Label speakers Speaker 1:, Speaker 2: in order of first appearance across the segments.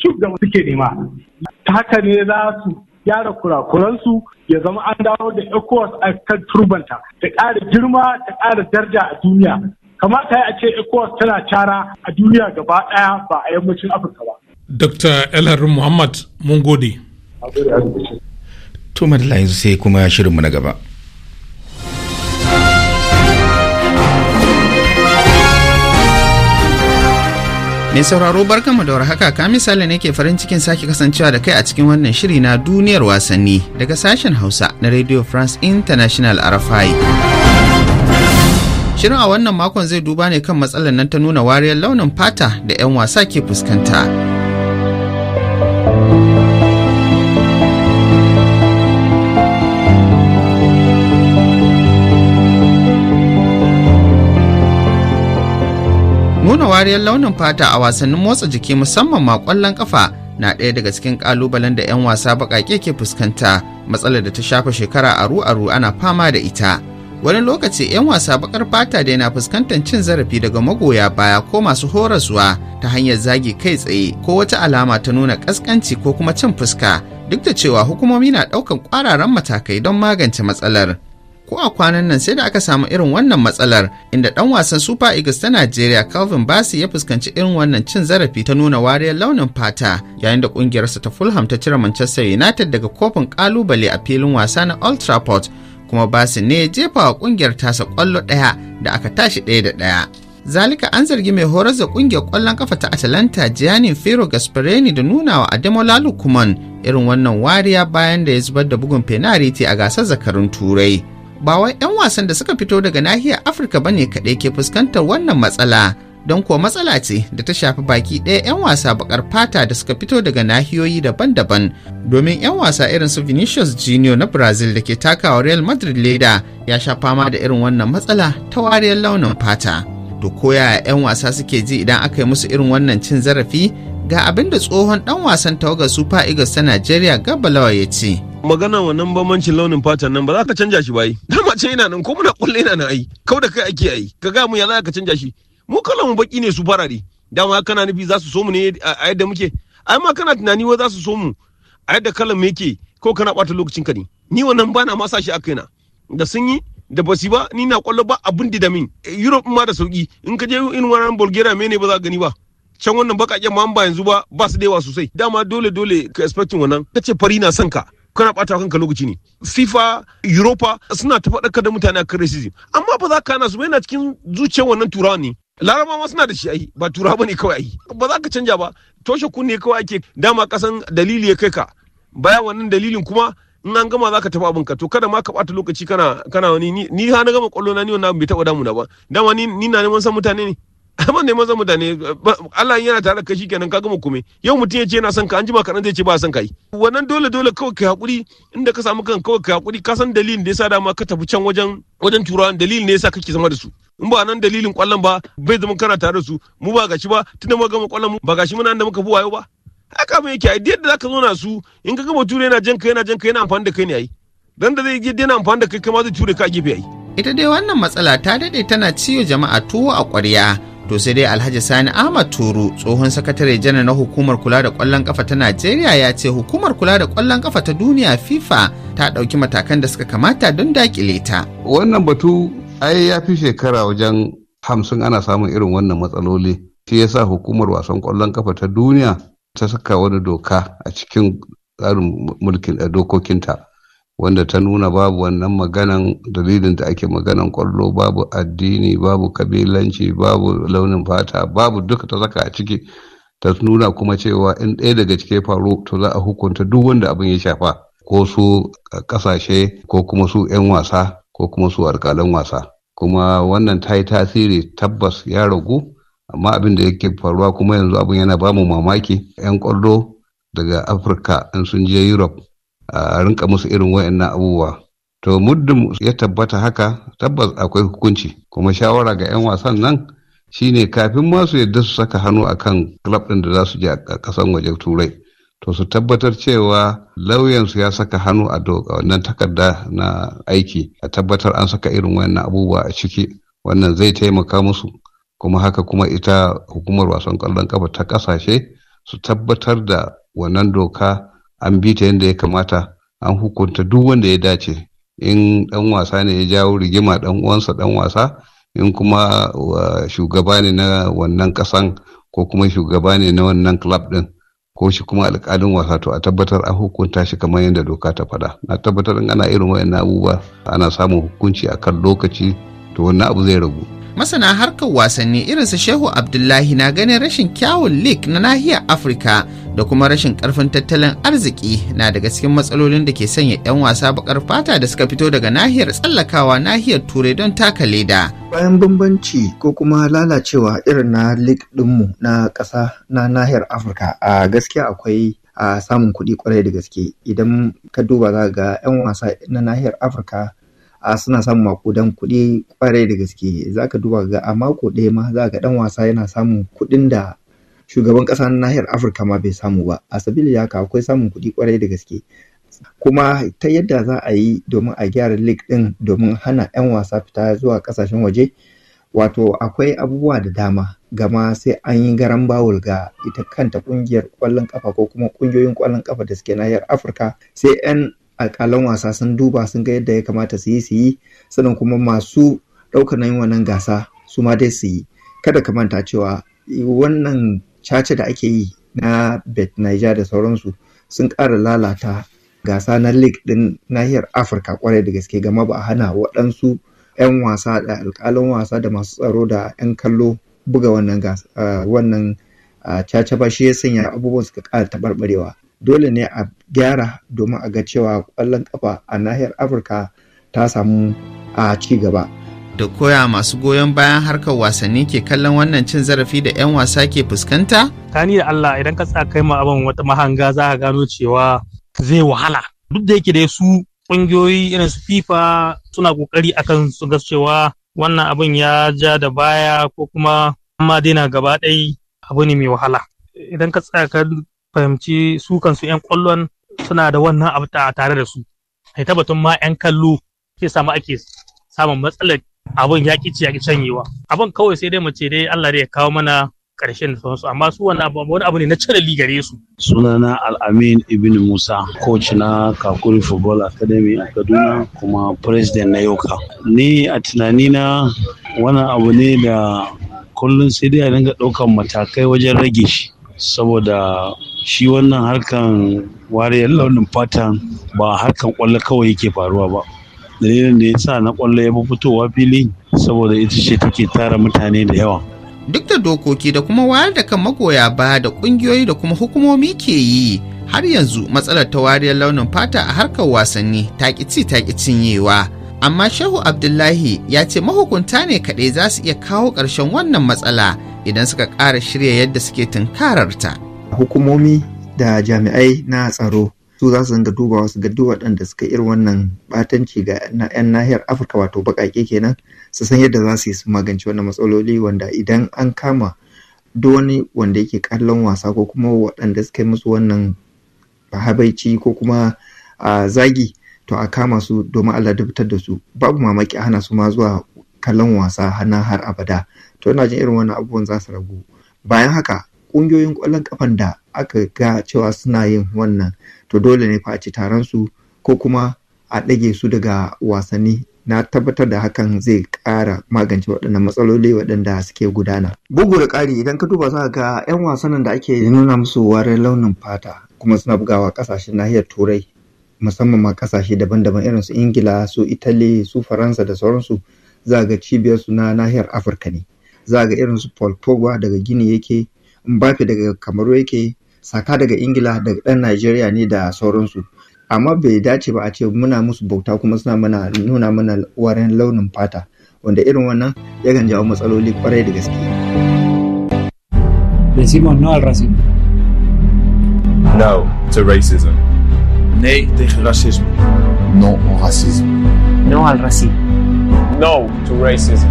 Speaker 1: cuk da suke nema ta haka ne za su gyara kurakuransu ya zama an dawo da ecowas a kan turbanta ta ƙara girma ta ƙara darja a duniya kamata ya ce ecowas tana cara a duniya gaba ɗaya ba a yammacin afirka ba dr elhar muhammad mun gode to madalla
Speaker 2: yanzu sai kuma shirinmu na gaba Mai sauraro barkanmu da warhaka ka misali ne ke farin cikin sake kasancewa da kai a cikin wannan shiri na duniyar wasanni daga sashen Hausa na Radio France International RFI. Shirin a wannan makon zai duba ne kan matsalar nan ta nuna wariyar launin fata da 'yan wasa ke fuskanta. nuna wariyar launin fata a wasannin motsa jiki musamman ma kwallon kafa na ɗaya daga cikin ƙalubalen da 'yan wasa baƙaƙe ke fuskanta matsalar da ta shafa shekara aru-aru ana fama da ita wani lokaci 'yan wasa baƙar fata da yana fuskantar cin zarafi daga magoya baya ko masu horaswa ta hanyar zagi kai tsaye ko wata alama ta nuna ƙasƙanci ko kuma cin fuska duk da cewa hukumomi na ɗaukan ƙwararan matakai don magance matsalar ko a kwanan nan sai da aka samu irin wannan matsalar inda dan wasan super eagles ta nigeria calvin basi ya fuskanci irin wannan cin zarafi ta nuna wariyar launin fata yayin da kungiyarsa ta fulham ta cire manchester united daga kofin kalubale a filin wasa na old trafford kuma basi ne ya jefa wa kungiyar tasa kwallo daya da aka tashi daya da daya zalika an zargi mai horar da kungiyar kwallon kafa ta atalanta gianni fero gasparini da nunawa Ademo lukuman irin wannan wariya bayan da ya zubar da bugun penariti a gasar zakarun turai ba wai 'yan wasan da suka fito daga nahiyar afirka bane kaɗai ke fuskantar wannan matsala don kuwa matsala ce da ta shafi baki ɗaya 'yan wasa bakar fata da suka fito daga nahiyoyi daban-daban domin 'yan wasa irin su vinicius junior na brazil da ke takawa real madrid leda ya sha fama da irin wannan matsala ta wariyar launin fata to koya 'yan wasa suke ji idan aka yi musu irin wannan cin zarafi ga abin da tsohon ɗan wasan tawagar super eagles ta nigeria gabalawa ya ce
Speaker 1: magana wannan bambancin launin fatan nan ba za ka canja shi ba dama ce yana nan ko muna kulle yana nan ai kau da kai ake ai ka ga mu ya za ka canja shi mu kallon mu baki ne su farare dama kana nufi za su so mu ne a yadda muke ai ma kana tunani wai za su so mu a yadda me yake ko kana bata lokacin ka ne ni wannan bana ma sa shi a kaina da sun yi da basi ba ni na kwallo ba abin da min europe ma da sauki in ka je in wannan bulgaria ne ba za gani ba can wannan bakaken ma ba yanzu ba ba su da yawa sosai dama dole dole ka expecting wannan kace fari na son ka kana bata kanka lokaci ne fifa europa suna ta faɗakar da mutane kan racism amma ba za ka hana su ba yana cikin zuciyar wannan turawa ne ma suna da shi ai ba turawa bane kawai ai ba za ka canja ba toshe kunne kawai ake dama kasan dalili ya kai ka baya wannan dalilin kuma in an gama za ka tafi abinka to kada ma ka bata lokaci kana kana wani ni ha na gama kwallo na ni wannan bai taɓa damuna ba dama ni na neman san mutane ne amma ne maza mutane Allah yana tare da kai shikenan ka gama kome yau mutum ya ce yana son ka an kaɗan zai ce ba son ka yi wannan dole dole kawai ka hakuri inda ka samu kan kawai ka hakuri ka san dalilin da yasa dama ka tafi can wajen wajen turawan dalilin ne yasa kake zama da su in ba nan dalilin kwallon ba bai zama kana tare da su mu ba gashi ba tunda mu gama kwallon ba gashi muna da muka fi wayo ba haka mu yake ai yadda zaka zo na su in ka gama ture yana jan kai yana jan kai yana amfani da kai ne ai dan da zai yana amfani da kai kai ma zai ture ka gefe ai
Speaker 2: ita dai wannan matsala ta dade tana ciyo jama'a tuwo a ƙwarya to sai dai alhaji sani ahmad turu tsohon sakatare janar na hukumar kula da kwallon kafa ta najeriya ya ce hukumar kula da kwallon kafa ta duniya fifa ta ɗauki
Speaker 3: matakan da suka kamata don dakile ta wannan batu ai ya fi shekara wajen hamsin ana samun irin wannan matsaloli shi yasa hukumar wasan kwallon kafa ta duniya ta saka wani doka a cikin tsarin mulkin dokokinta wanda ta nuna babu wannan maganan dalilin da ake maganan kwallo babu addini babu kabilanci babu launin fata babu duka ta zaka a ciki ta nuna kuma cewa in ɗaya daga cike faru to za a hukunta duk wanda abin ya shafa ko su ƙasashe ko kuma su 'yan wasa ko kuma su alƙalan wasa kuma wannan ta yi tasiri tabbas ya ragu amma abin da yake faruwa kuma yanzu abin yana bamu mamaki 'yan kwallo daga afirka in sun je europe a rinka musu irin wayannan abubuwa to muddin ya tabbata haka tabbas akwai hukunci kuma shawara ga 'yan wasan nan shine kafin ma su yadda su saka hannu a kan club din da za su je a kasan waje turai to su tabbatar cewa lauyansu ya saka hannu a wannan takarda na aiki a tabbatar an saka irin wayannan abubuwa a ciki wannan zai taimaka musu kuma haka kuma ita hukumar wasan kallon kafa ta kasashe su tabbatar da wannan doka an bi ta yadda ya kamata an hukunta duk wanda ya dace in dan wasa ne ya jawo rigima dan uwansa dan wasa in kuma shugaba ne na wannan kasan ko kuma shugaba ne na wannan club din ko shi kuma alkalin wasa to a tabbatar a hukunta shi kamar yadda doka ta fada na tabbatar in ana irin wayan abubuwa ana samun hukunci a kan lokaci to wannan abu zai ragu
Speaker 2: masana harkar wasanni irinsa shehu abdullahi na ganin rashin kyawun league na nahiyar afirka da kuma rashin karfin tattalin arziki na daga cikin matsalolin da ke sanya 'yan wasa bakar fata da suka fito daga nahiyar tsallakawa nahiyar turai don taka leda.
Speaker 4: bayan bambanci ko kuma lalacewa irin na lig dinmu na ƙasa na nahiyar afirka a gaskiya akwai a samun kuɗi kwarai da gaske idan ka duba za ga 'yan wasa na nahiyar afirka a suna samun makudan kuɗi kwarai da gaske za ka duba ga a mako ɗaya ma za ga ɗan wasa yana samun kuɗin da shugaban ƙasa na nahiyar afirka ma bai samu ba a sabili haka akwai samun kuɗi kwarai da gaske kuma ta yadda za a yi domin a gyara league ɗin domin hana 'yan wasa fita zuwa ƙasashen waje wato akwai abubuwa da dama gama sai an yi garan bawul ga ita kanta ƙungiyar ƙwallon ƙafa ko kuma ƙungiyoyin ƙwallon ƙafa da suke nahiyar afirka sai 'yan alƙalan wasa sun duba sun ga yadda ya kamata su yi su yi sannan kuma masu ɗaukar yin wannan gasa su ma dai su yi kada ka manta cewa wannan caca da ake yi na bet niger da sauransu sun ƙara lalata gasa na league din nahiyar afirka kwarai da gaske gama ba a hana waɗansu 'yan wasa da alƙalin wasa da masu tsaro da 'yan kallo buga wannan wannan caca ba shi ya sanya abubuwan suka kara taɓarɓarewa dole ne a gyara domin a ga cewa ƙwallon kafa a nahiyar afirka ta samu a ci gaba.
Speaker 2: da koya masu goyon bayan harkar wasanni ke kallon wannan cin zarafi da 'yan wasa ke fuskanta? Kani da Allah idan ka tsaka kai ma
Speaker 1: abin wata mahanga za a gano cewa zai wahala. Duk da yake dai su ƙungiyoyi irin su FIFA suna ƙoƙari akan su ga cewa wannan abin ya ja da baya ko kuma amma daina gaba ɗai abu ne mai wahala. Idan ka tsaka ka fahimci su 'yan ƙwallon suna da wannan abu tare da su. Ai tabbatun ma 'yan kallo ke samu ake samun matsalar abun ya ƙi ya ƙi canyewa abun kawai sai dai mace dai Allah dai ya kawo mana ƙarshen da sauransu amma su wani abu wani abu ne na cire gare su sunana al'amin ibn musa coach na kakuri football academy a kaduna kuma president na yoka ni a tunanina wani abu ne da kullum sai dai a dinga ɗaukan matakai wajen rage shi saboda shi wannan harkan wariyar launin fatan ba harkan kwallo kawai yake faruwa ba dalilin da ya sa na kwallo ya fitowa fili saboda ita ce take tara
Speaker 2: mutane da yawa duk da dokoki da kuma wayar da kan magoya ba da kungiyoyi da kuma hukumomi ke yi har yanzu matsalar ta wariyar launin fata a harkar wasanni ta ci ta cinyewa amma shehu abdullahi ya ce mahukunta ne kaɗai za su iya kawo ƙarshen wannan matsala idan suka ƙara shirya yadda suke tunkararta
Speaker 4: hukumomi da jami'ai na tsaro su za su dinga dubawa su ga duk waɗanda suka irin wannan batanci ga 'yan nahiyar afirka wato baƙaƙe kenan su san yadda za su yi su magance wannan matsaloli wanda idan an kama duk wani wanda yake kallon wasa ko kuma waɗanda suka yi musu wannan habaici ko kuma zagi to a kama su domin Allah dubtar da su babu mamaki a hana su ma zuwa kallon wasa hana har abada to ina jin irin wannan abubuwan za su ragu bayan haka ƙungiyoyin kwallon ƙafan da aka ga cewa suna yin wannan to dole ne fa a ci taron su ko kuma a ɗage su daga wasanni na tabbatar da hakan zai ƙara magance waɗannan matsaloli waɗanda suke gudana. Bugu da ƙari idan ka duba za ga 'yan wasannin da ake nuna musu ware launin fata kuma suna bugawa ƙasashen nahiyar turai musamman ma ƙasashe daban-daban irin su ingila su italy su faransa da sauransu za ga cibiyarsu na nahiyar afirka ne za ga irin su paul pogba daga gini yake Mbappe daga Kamaru yake saka daga Ingila daga ɗan Najeriya ne da sauransu amma bai dace ba a ce muna musu bauta kuma suna mana nuna mana waren launin fata wanda irin wannan yakan jawo matsaloli kwarai da gaske.
Speaker 3: Decimos no al racismo.
Speaker 4: No to racism.
Speaker 3: Nee tegen racisme. No au
Speaker 4: racisme. No al No to racism.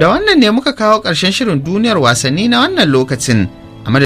Speaker 4: Da wannan ne muka kawo ƙarshen shirin duniyar wasanni na wannan lokacin